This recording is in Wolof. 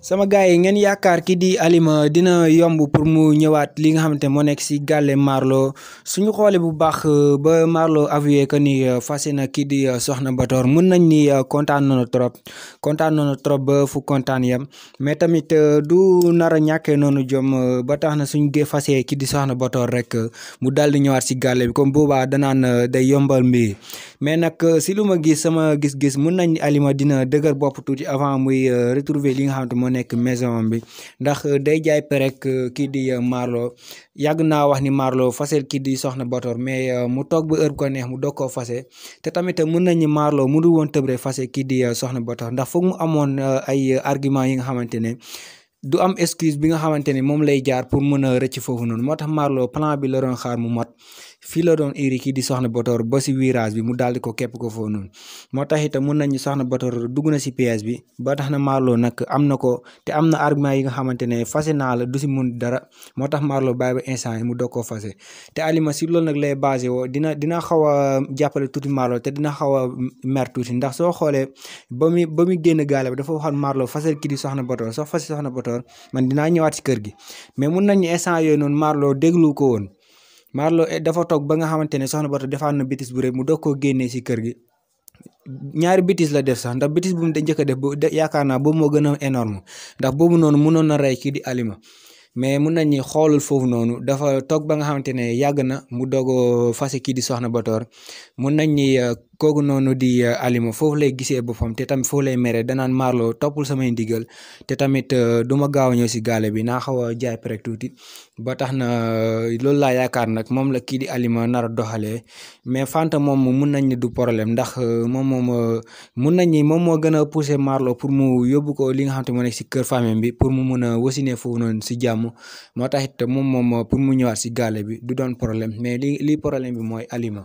sama gars yi ngeen yaakaar ki di Alima dina yomb pour mu ñëwaat li nga xamante moo nekk si gàlle Marlo suñu xoolee bu baax euh, ba Marlo avoué que ni euh, fase na kii di euh, Soxna Batoor mën nañ ni kontaan noonu trop kontaan noonu trop ba fu kontaan yam mais tamit du nara a ñàkkee noonu jom ba tax na suñu gee fase kii di Soxna Batoor rek mu daal di ñëwaat si gàlle bi comme boobaa danaan day yombal mbir mais nag si lu ma gis sama gis-gis mën nañ Alima dina dëgër bopp tuuti avant muy retrouver li nga xamante moo nekk maison bi ndax euh, day jaay perek euh, kii di euh, Marlo yàgg naa wax ni Marlo fasel kii di soxna Bator mais mu toog ba heure bu ko neex mu doog koo fase te tamit mën nañu Marlo mu dul woon tëbre fase kii di soxna Bator ndax foog mu amoon ay argument yi nga xamante ne du am excuse bi nga xamante ne moom lay jaar pour mën a rëcc foofu noonu Marlo plan bi la mu mot fii la doon iri kii di soxna Botor ba si virage bi mu daal ko képp ko foofu noonu moo tax itam mun nañu soxna Botor dugg na si piège bi ba tax na Marlo nag am na ko te am na argument yi nga xamante ne fase naa la du si mun dara moo tax Marlo bàyyi ba instant yi mu doog koo fase te Alima si loolu nag lay basé woo dina dina xaw a jàppale tuuti Marlo te dina xaw a mer tuuti ndax soo xoolee ba muy ba muy génn gaale bi dafa waxoon Marlo fasel kii di soxna Botor soo fase soxna Botor man dinaa ñëwaat si kër gi mais mun nañu instant yooyu noonu Marlo déglu ko woon Marlo eh, dafa toog ba nga xamante ne soxna Bato defaan na bitis bu rëy mu doog koo génnee si kër gi ñaari bitis la def sax ndax bitis bu mu njëkk a def ba yaakaar naa boobu moo gën a énorme ndax boobu noonu mënoon na rey kii di Alima mais mun nañu xoolul foofu noonu dafa toog ba nga xamante ne yàgg na mu doog a fase kii di soxna Batoor mun nañu euh, kooku noonu di eh, Alima foofu lay gisee boppam te tamit foofu lay mere danaan Marlo toppul samay ndigal te tamit eh, du ma gaaw a ñëw si gaale bi naa xaw a jaay prek tuuti ba tax na eh, loolu laa yaakaar nag moom la kii di Alima nar mais Fanta moom mun nañ ne du problème ndax moom moom mun nañ moom moo gën a poussé Marlo pour mu yóbbu ko li nga xam te moo nekk si kër famille bi pour mu mun a wasine foofu noonu si jàmm moo tax it moom moom pour mu ñëwaat si gaale bi du doon problème mais li li problème bi mooy Alima